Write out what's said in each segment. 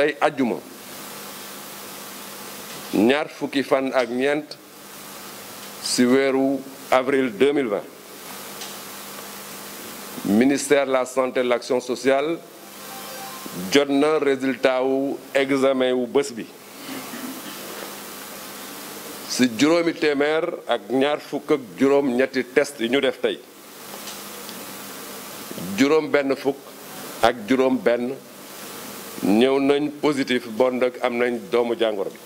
tey ajjuma ñaar fukki fan ak ñeent ci weeru avril ministère de la santé de l'action sociale jot na résultat wu examen wu bés bi ci juróomi téeméer ak ñaar fukk juróom ñetti test yi ñu def tey juróom benn fukk ak juróom benn ñëw nañ positif bon nag am nañ doomu jàngoro bi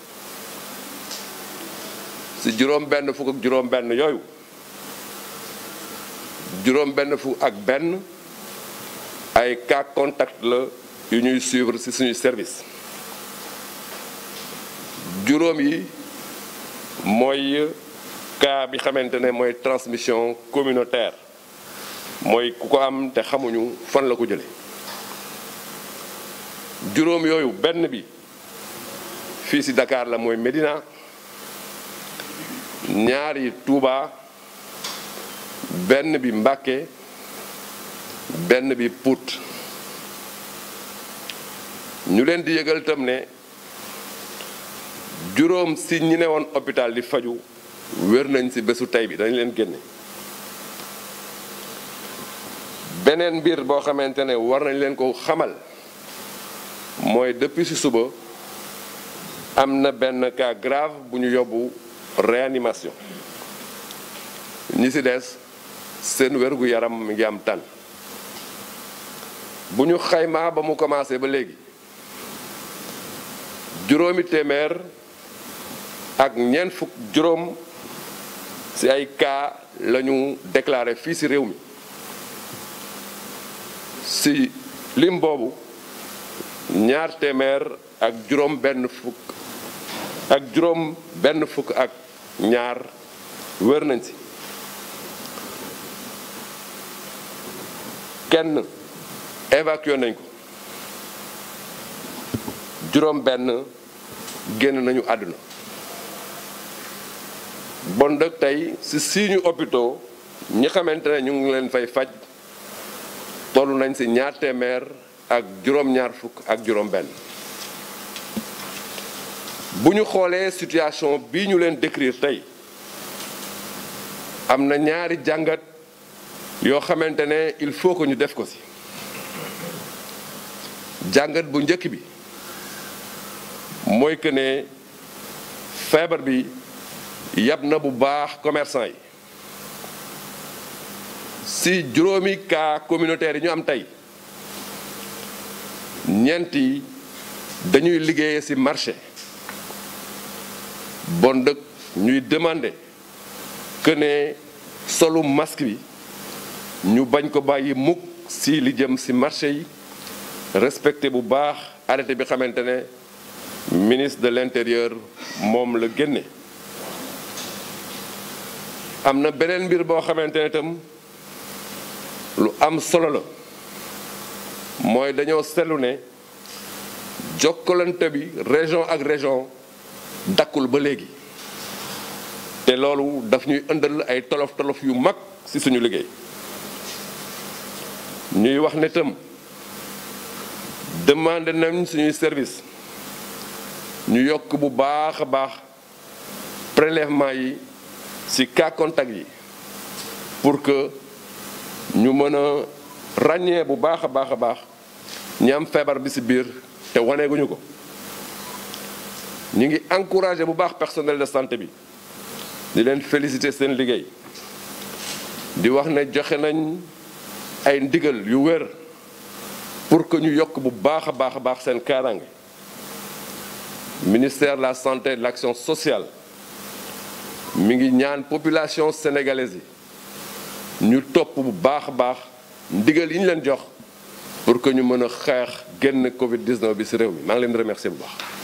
si juróom benn fukk ak juróom benn yooyu juróom benn fukk ak benn ay cas contact la yu ñuy suivre ci suñuy service juróom yi mooy cas bi xamante ne mooy transmission communautaire mooy ku ko am te xamuñu fan la ko jëlee juróom yooyu benn bi fii ci dakaar la mooy Médina ñaari Touba benn bi Mbacké benn bi puut ñu leen di yëgal tam ne juróom si ñi ne woon hôpital di faju wér nañ ci bésu tey bi dañ leen génne beneen mbir boo xamante ne war nañ leen ko xamal mooy depuis ci suba am na benn cas grave bu ñu yóbbu réanimation ñi ci des seen wérgu yaram mi ngi am tànn bu ñu xaymaa ba mu commencé ba léegi juróomi téeméer ak ñeent fukk juróom ci ay kaa lañu ñu fii ci réew mi ci lim boobu ñaar téeméer ak juróom benn fukk ak juróom benn fukk ak ñaar wër nañ ci kenn évacué nañ ko juróom benn génn nañu àdduna bon dëkk tey ci siiñu hôpitaux ñi xamante ne ñu ngi leen fay faj tollu nañ ci ñaar téeméer ak juróom ak juróom-benn bu ñu xoolee situation bi ñu leen décrire tey am na ñaari jàngat yoo xamante ne il faut que ñu def ko ci jàngat bu njëkk bi mooy que ne feebar bi yab na bu baax commerçant yi ci juróomi cas communautaire yi ñu am tey ñeent yi dañuy liggéeyee ci marché bon dëkk ñuy demander que ne solu masque bi ñu bañ ko bàyyi mukk ci li jëm ci marché yi respecté bu baax arrêté bi xamante ne ministre de l'intérieur moom la génne am na beneen mbir boo xamante ne tam lu am solo la mooy dañoo seetlu ne jokkalante bi région ak région dakkul ba léegi te loolu daf ñuy ëndal ay tolof tolof yu mag ci suñu liggéey ñuy wax ne tam demandé nañ suñuy service ñu yokk bu baax a baax prélèvement yi ci cas contact yi pour que ñu mën a ràññee bu baax a baax a baax ñi am feebar bi ci biir te waneeguñu ko ñu ngi encouragé bu baax personnel de santé bi di leen félicité seen liggéey di wax ne joxe nañ ay ndigal yu wér pour que ñu yokk bu baax a baax a baax seen kaaraange ministère de la santé et de l'action sociale mi ngi ñaan population sénégalaise yi ñu topp bu baax a baax ndigal yi ñu leen jox pour que ñu mën a xeex génn Covid 19 bi ci réew mi maa leen di remercier bu baax.